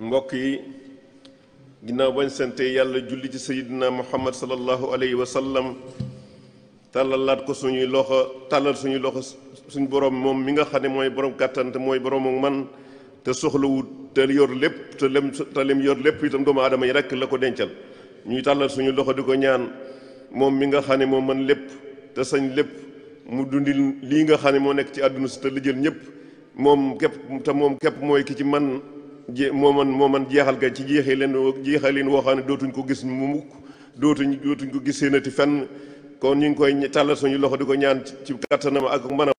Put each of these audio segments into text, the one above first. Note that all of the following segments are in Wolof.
mbokk yi ginnaaw bañ sante yàlla julli ci sayidina muhammad sallallahu alayhi wa sallam tàllalaat ko suñuy loxo tàllal suñuy loxo suñu borom moom mi nga xam ne mooy borom kàttan mooy borom man te soxlawut te yor lépp te lem te lem yor lépp itam doomu aadama yi rek la ko dencal ñuy tàllal suñu loxo di ñaan moom mi nga xam ne moo mën lépp te sañ lépp mu dundil lii nga xam ne moo nekk ci àdduna si te lijjal ñëpp moom képp te moom képp mooy ki ci man je moo man moo man jeexal ga ci jeexee leen jeexal leen woo xam ne dootuñ ko gis mu mukk dootuñ dootuñ ko gis seenati fenn kon ñu ngi koy tàllal suñu loxo di ko ñaan ci kattanam ak manam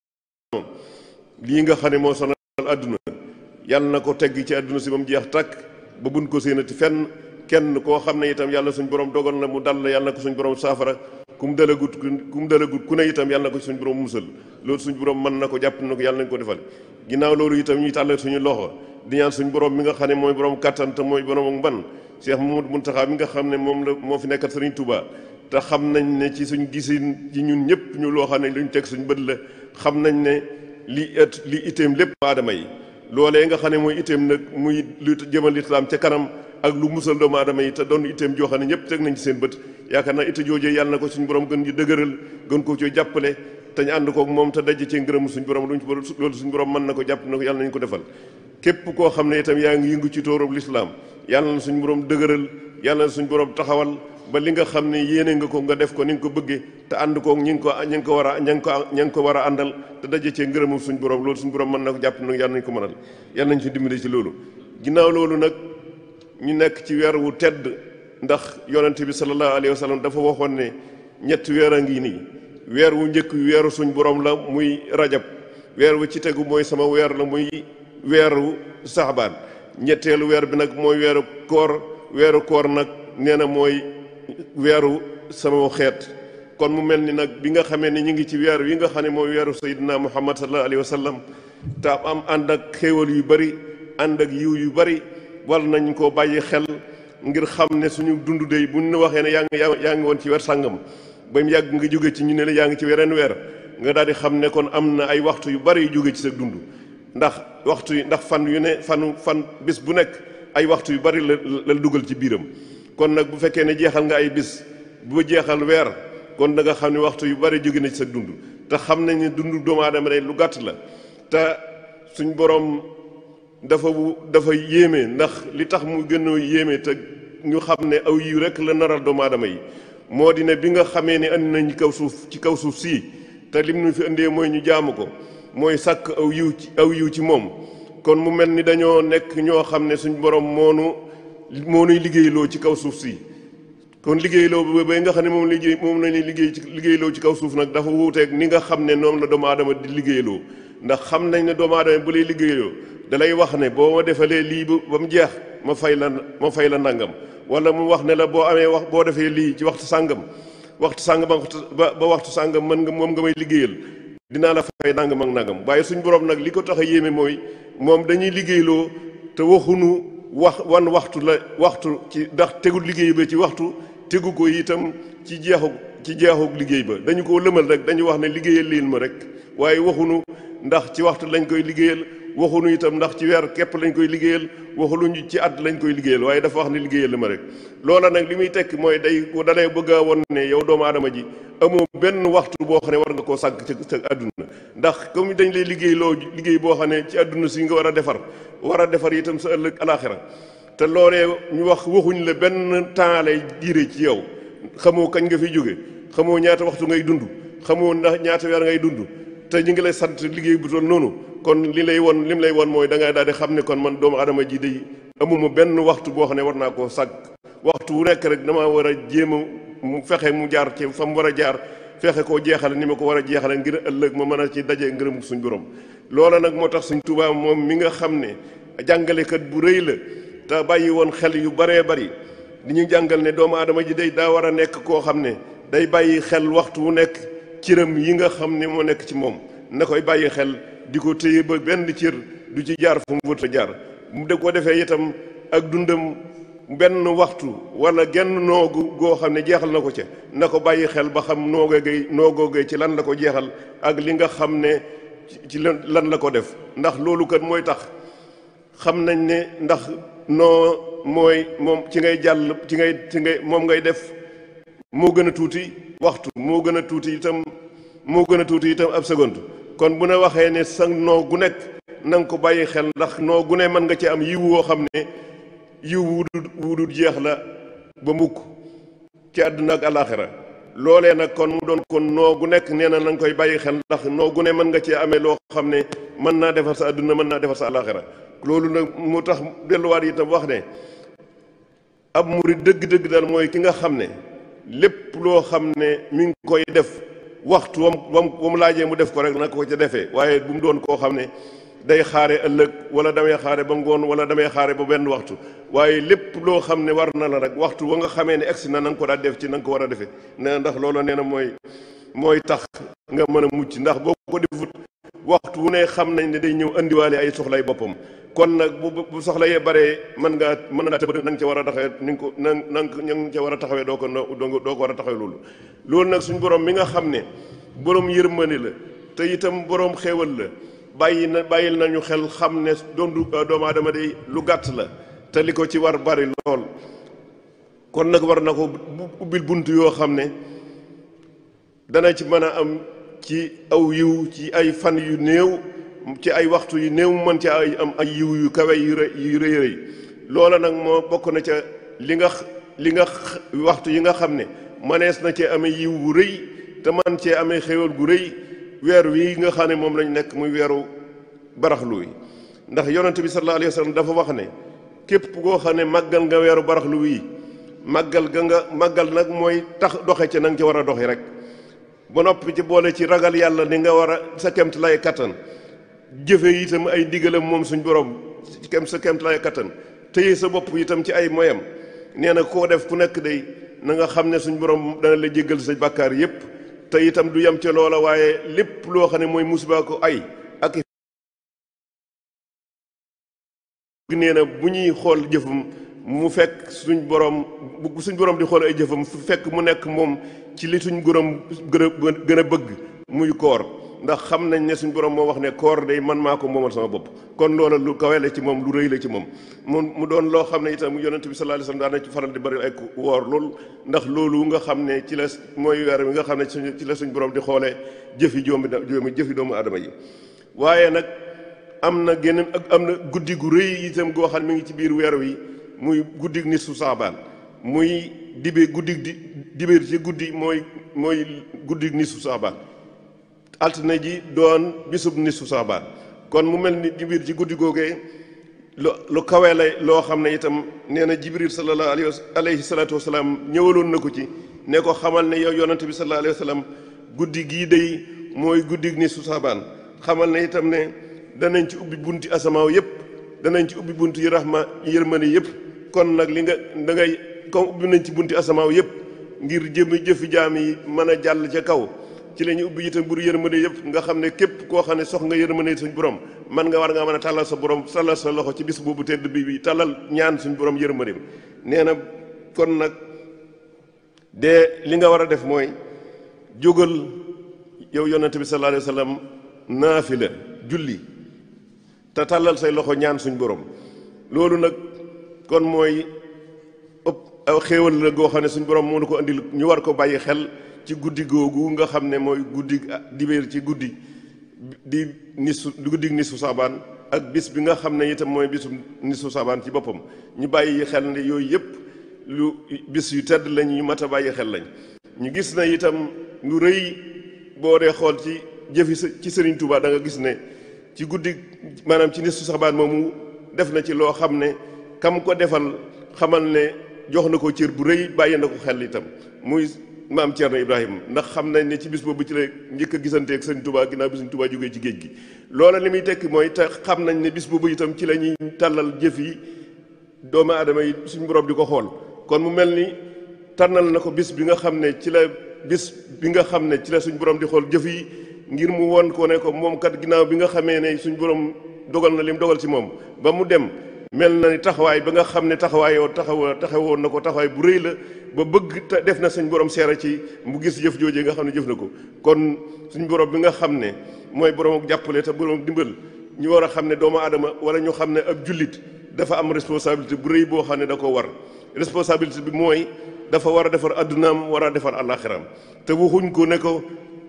lii nga xam ne moo sonal àdduna yàlla na ko tegg ci àdduna si ba mu jeex tàkk ba buñ ko séenati fenn kenn koo xam ne itam yàlla suñ borom dogal na mu dal yàlla na ko suñ borom saafara ku mu dalagut ku mu ku ne itam yàlla na ko suñ borom musal loolu suñ borom mën na ko jàpp na ko yàlla nañ ko defal ginnaaw loolu itam ñuy tàllal suñu loxo di ñaan suñu borom mi nga xam ne mooy borom kattan te mooy borom ak mban Cheikh mun taxaa mi nga xam ne moom la moo fi nekkat Serigne Touba te xam nañ ne ci suñ gisin ci ñun ñëpp ñu loo xam ne luñ teg suñ bët la xam nañ ne li et li itteem lépp aadama yi loolee nga xam ne mooy itteem nag muy lu jëmal lislaam ca kanam ak lu musal doomu aadama yi te doon itteem joo xam ne ñëpp teg nañ ci seen bët yaakaar naa itte joojee yàlla na ko suñu borom gën ñu dëgëral gën koo coo jàppale te ñu ànd moom te daj cee ngërëm suñu borom luñ ci loolu suñu borom mën na ko jàpp na ko yàlla nañ ko defal képp koo xam ne itam yaa ngi yëngu ci tóorub lislaam yàlla na suñ borom dëgëral yàlla na suñ borom taxawal ba li nga xam ne yéene nga ko nga def ko ni nga ko bëggee te ànd koog ñi nga ko ñi nga ko war a ña ña nga ko war a àndal te daje cee ngërëmam suñ borom loolu suñ borom mën na ko jàpp nag yàlla nañ ko mënal yàlla nañ ci dimbale ci loolu ginnaaw loolu nag ñu nekk ci weer wu tedd ndax yonente bi sallallahu alayhi wa dafa waxoon ne ñetti weer a ngi nii weer wu njëkk weeru suñ borom la muy rajab weer wu ci tegu mooy sama weer la muy weeru saxbaan ñetteelu weer bi nag mooy weeru koor weeru koor nag nee na mooy weeru sama xeet kon mu mel ni nag bi nga xamee ni ñu ngi ci weer wi nga xam ne mooy weeru sayidina muhammad sallallahu alayhi wa sallam te am ànd ak yu bari ànd ak yiw yu bari war nañ koo bàyyi xel ngir xam ne suñu dund dey bu ñu waxee ne yaa ngi yaa woon ci weer sàngam ba mu yàgg nga jóge ci ñu ne la yaa ngi ci weneen weer nga daal di xam ne kon am na ay waxtu yu bari jóge ci sa dund ndax waxtu yi ndax fan yu ne fanu fan bis bu nekk ay waxtu yu bari la la dugal ci biiram kon nag bu fekkee ne jeexal nga ay bis bu jeexal weer kon da nga xam ne waxtu yu bari jóge na ci sa dund te xam nañ ne dundu doomu aadama day lu gàtt la te suñ boroom dafa dafa yéeme ndax li tax mu gën yéeme te ñu xam ne aw yiw rek la naral doomu aadama yi moo di ne bi nga xamee ne indi nañ kaw suuf ci kaw suuf sii te lim nu fi indee mooy ñu jaamu ko mooy sàkk aw yiw ci aw yiw ci moom kon mu mel ni dañoo nekk ñoo xam ne suñ borom moonu moonuy liggéeyloo ci kaw suuf si kon liggéeyloo ba bay nga xam ne moom liggéey moom lañuy liggéey ci liggéeyloo ci kaw suuf nag dafa wuuteeg ni nga xam ne noonu la doomu aadama di liggéeyloo ndax xam nañ ne doomu aadama bu lay liggéeyloo da lay wax ne boo ma defalee lii ba mu jeex ma fay la ma fay la nangam wala mu wax ne la boo amee wax boo defee lii ci waxtu sàngam waxtu sàngam ba ba waxtu sàngam mën nga moom nga may liggéeyal dinaa la fay nangam ak nangam waaye suñ borom nag li ko tax a yéeme mooy moom dañuy liggéeyloo te waxunu wax wan waxtu la waxtu ci ndax tegu liggéey ba ci waxtu tegu ko itam ci jeexu ci jeexuk liggéey ba dañu ko lëmal rek dañu wax ne liggéeyal liin ma rek waaye waxunu ndax ci waxtu lañ koy liggéeyal waxuñu itam ndax ci weer képp lañ koy liggéeyal waxuluñu ci at lañ koy liggéeyal waaye dafa wax ni liggéeyal ma rek loola nag li muy tekki mooy day dalay bëgg a won ne yow doomu aadama ji amoo benn waxtu boo xam ne war nga koo sàgg ca ca àdduna ndax comme dañ lay liggéey loo liggéey boo xam ne ci àdduna si nga war a defar war a defar itam sa ëllëg alaxira te loolee ñu wax waxuñ la benn temps lay diire ci yow xamoo kañ nga fi jóge xamoo ñaata waxtu ngay dund xamoo ndax ñaata weer ngay dund te ñu ngi lay sant liggéey bu toll noonu kon li lay won lim lay won mooy dangay ngay daal di xam ne kon man doomu aadama ji day amuma benn waxtu boo xam ne war naa koo sàgg waxtu wu nekk rek damaa war a jéem a mu fexe mu jaar ci fa mu war a jaar fexe koo jeexale ni ma ko war a jeexale ngir ëllëg ma mën a ci daje ngërëm suñ borom loola nag moo tax suñ Tuubaa moom mi nga xam ne jàngalekat bu rëy la te bàyyi woon xel yu baree bari li jàngal ne doomu aadama ji day daa war a nekk koo xam ne day bàyyi xel waxtu wu nekk cëram yi nga xam ne moo nekk ci moom na koy bàyyi xel di ko téye ba benn cër du ci jaar fu mu wut jaar mu de ko defee itam ak dundam benn waxtu wala genn noogu goo xam ne jeexal na ko ca na ko bàyyi xel ba xam noogoogay noogoogay ci lan la ko jeexal ak li nga xam ne ci lan la ko def ndax loolu kat mooy tax xam nañ ne ndax noo mooy moom ci ngay jàll ci ngay ci moom ngay def moo gën a tuuti waxtu moo gën a tuuti itam moo gën a tuuti itam ab seconde kon mu ne waxee ne sa noo gu nekk na ko bàyyi xel ndax noo gu ne mën nga ci am yiw woo xam ne yiw wudul wudul jeex la ba mbukk ci àdduna ak alaxira loolee nag kon mu doon kon noo gu nekk nee na na koy bàyyi xel ndax noo gu ne mën nga ci amee loo xam ne mën naa defar sa àdduna mën naa defar sa alaxira loolu nag mu tax delluwaat itam wax ne ab murid dëgg-dëgg dal mooy ki nga xam ne lépp loo xam ne mi ngi koy def waxtu wam wam wa mu laajee mu def ko rek na ko ca defee waaye bu mu doon koo xam ne day xaare ëllëg wala damay xaare ba ngoon wala damay xaare ba benn waxtu waaye lépp loo xam ne war na la rek waxtu wa nga xamee ne egsi na na nga ko daal def ci nanga ko war a defee ne ndax looloo nee na mooy mooy tax nga mën a mucc ndax boo ko defut waxtu wu ne xam nañ ne day ñëw andiwaale ay soxlay boppam kon nag bu bu soxla yee baree mën ngaa mën na tëb na nga ca war a taxawee ni nga ko na na nga ca war a taxawee doo ko doo ko war a taxawee loolu loolu nag suñ borom mi nga xam ne borom yërmande la te itam boroom xéewal la bàyyi na bàyyil nañu xel xam ne doon du euh, doomu aadama day lu gàtt la te li ko ci war bari lool kon nag war na ko ubbil bunt yoo xam ne dana ci mën a am ci aw yiw ci ay fan yu néew ci ay waxtu yu néew mën ci ay am ay yiw yu kawe yu rëy yu rëy rëy loola nag moo bokk na ca li nga li nga waxtu yi nga xam ne manees na cee amee yiw gu rëy te man cee amee xéwal gu rëy weer wi nga xam ne moom lañu nekk muy weeru baraxlu wi ndax yonent bi sallallahu alayhi wa dafa wax ne képp koo xam ne màggal nga weeru baraxlu wi màggal ga nga màggal nag mooy tax doxe ci na nga ci war a doxi rek ba nopp ci boole ci ragal yàlla ni nga war a sa kemt lay kattan jëfe itam ay digalam moom suñ borom kem sa kem kattan téye sa bopp itam ci ay moyam nee na koo def ku nekk day na nga xam ne suñ borom dana la jéggal sa bàkkaar yépp te itam du yem ca loola waaye lépp loo xam ne mooy musiba ay ak na bu ñuy xool jëfam mu fekk suñ borom bu suñ borom di xool ay jëfam fu fekk mu nekk moom ci li suñ borom gën a bëgg muy koor ndax xam nañ ne suñu borom moo wax ne koor day man maa ko moomal sama bopp kon loola lu kawe la ci moom lu rëy la ci moom mu mu doon loo xam ne itam yonent bi sallallahu alayhi wasallam daan na ci faral woor loolu ndax loolu nga xam ne ci la mooy weer wi nga xam ne ci la suñ borom di xoolee jëfi joomi joomi jëfi doomu aadama yi waaye nag am na geneen ak am na guddi gu rëy itam goo xam ne mi ngi ci biir weer wi muy guddi nit su saabaan muy dibe guddi di dibéer ci guddi mooy mooy guddi nit su saabaan altine ji doon bisub nisu saabaan kon mu mel ni Jibril ci guddi googee lu kawee lay loo xam ne itam nee na Jibril sallallahu alayhi alayhi salaatu wasalaam ñëwaloon na ko ci ne ko xamal ne yow yonante bi sallallahu alayhi wa guddi gii day mooy guddi nisu saabaan xamal ne itam ne danañ ci ubbi bunti asamaaw yëpp danañ ci ubbi bunti rahma yërmande yëpp kon nag li nga dangay ngay ubbi nañ ci bunti asamaaw yëpp ngir jëmi jëfi jaam yi mën a jàll ca kaw ci la ñu ubbi itam buru yërmande yëpp nga xam ne képp koo xam ne sox nga yërmande suñ borom man nga war ngaa mën a tàllal sa borom tàllal sa loxo ci bis boobu tedd bi bi tàllal ñaan suñ borom yërmandeem nee na kon nag de nga war a def mooy jógal yow yonent bi sallallahu alayhi wa sallam naafila julli te tàllal say loxo ñaan suñ borom loolu nag kon mooy ëpp aw xéewal la goo xam ne suñ borom moo nu ko andil ñu war ko bàyyi xel ci guddi googu nga xam ne mooy guddi dibéer ci guddi di nisu guddi nisu saabaan ak bis bi nga xam ne itam mooy bisum nisu saabaan ci boppam ñu bàyyi xel ne yooyu yëpp lu bis yu tedd lañuy yu mat a bàyyi xel lañ ñu gis na itam lu rëy boo dee xool ci jëfi ci Sëriñ Tuubaa da nga gis ne ci guddi maanaam ci nisu saabaan moomu def na ci loo xam ne kam ko defal xamal ne jox na ko cër bu rëy bàyyi na ko xel itam muy maam Thierno Ibrahima ndax xam nañ ne ci bis boobu ci la njëkk a gisantee ak sëñ Touba ginnaaw bi sëñ Touba jógee ci géej gi loola li muy tekki mooy te xam nañ ne bis boobu itam ci la ñuy tàllal jëf yi doomu aadama yi suñ borom di ko xool kon mu mel ni tànnal na ko bis bi nga xam ne ci la bis bi nga xam ne ci la suñ borom di xool jëf yi ngir mu won ko ne ko moom kat ginnaaw bi nga xamee ne suñ borom dogal na li mu dogal ci moom ba mu dem mel na ni taxawaay ba nga xam ne taxawaayoo taxawa taxawoon na ko taxawaay bu rëy la ba bëgg def na suñ borom seera ci mu gis jëf joojee nga xam ne jëf na ko kon suñ borom bi nga xam ne mooy borom ak jàppale te borom ak dimbal ñu war a xam ne doomu aadama wala ñu xam ne ab jullit dafa am responsabilité bu rëy boo xam ne da ko war responsabilité bi mooy dafa war a defar addunaam war a defar àllaaxiram te waxuñ ko ne ko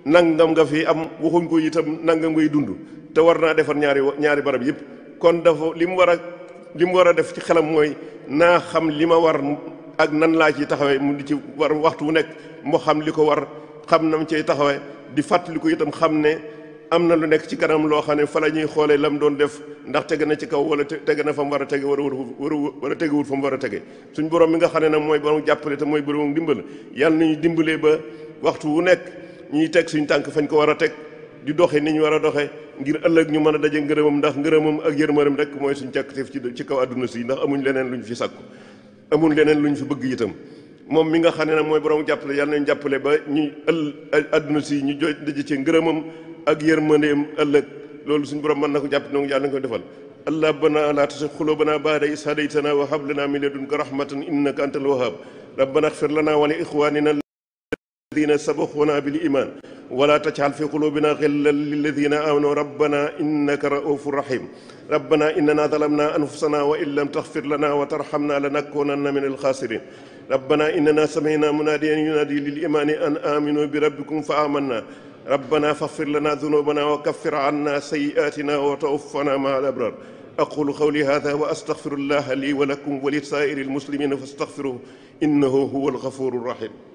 nangam nga fi am waxuñ ko itam nangam ngay dund te war naa defar ñaari ñaari barab yëpp kon dafa li war a li mu war a def ci xelam mooy naa xam li ma war ak nan laa ciy taxawee mu di ci war waxtu wu nekk moo xam li ko war xam na mu cay taxawee di fàttaliku itam xam ne am na lu nekk ci kanam loo xam ne fa la ñuy xoolee lam doon def ndax tege na ci kaw wala tege na fa mu war a tege wala wala wala tegewul fa mu war a tege suñ borom mi nga xam ne nag mooy borom jàppale te mooy borom dimbal na ñuy dimbalee ba waxtu wu nekk ñuy teg suñ tànk fañ ko war a teg di doxe ni ñu war a doxe ngir ëllëg ñu mën a daje ngërëmam ndax ngërëmam ak yërmandem rek mooy suñ càkkuteef ci ci kaw àdduna si ndax amuñ leneen luñ fi sàkku amuñ leneen luñ fi bëgg itam moom mi nga xam ne nag mooy borom jàppale yàlla nañ jàppale ba ñu ëll àdduna si ñu joj daje ci ngërëmam ak yërmandeem ëllëg loolu suñu borom mën na ko jàpp noonu yàlla nañ ko defal allah bana la tusi xulubana baada is hadaytana wa hab lana min ladunka rahmatan innaka antal wahhab rabbana ighfir الذين سبقونا بالإيمان ولا تجعل في قلوبنا غلا للذين آمنوا ربنا إنك رؤوف رحيم ربنا إننا ظلمنا أنفسنا وإن لم تغفر لنا وترحمنا لنكونن من الخاسرين ربنا إننا سمعنا مناديا ينادي للإيمان أن آمنوا بربكم فآمنا ربنا فاغفر لنا ذنوبنا وكفر عنا سيئاتنا وتوفنا مع الأبرار أقول قولي هذا وأستغفر الله لي ولكم ولسائر المسلمين فاستغفروه إنه هو الغفور الرحيم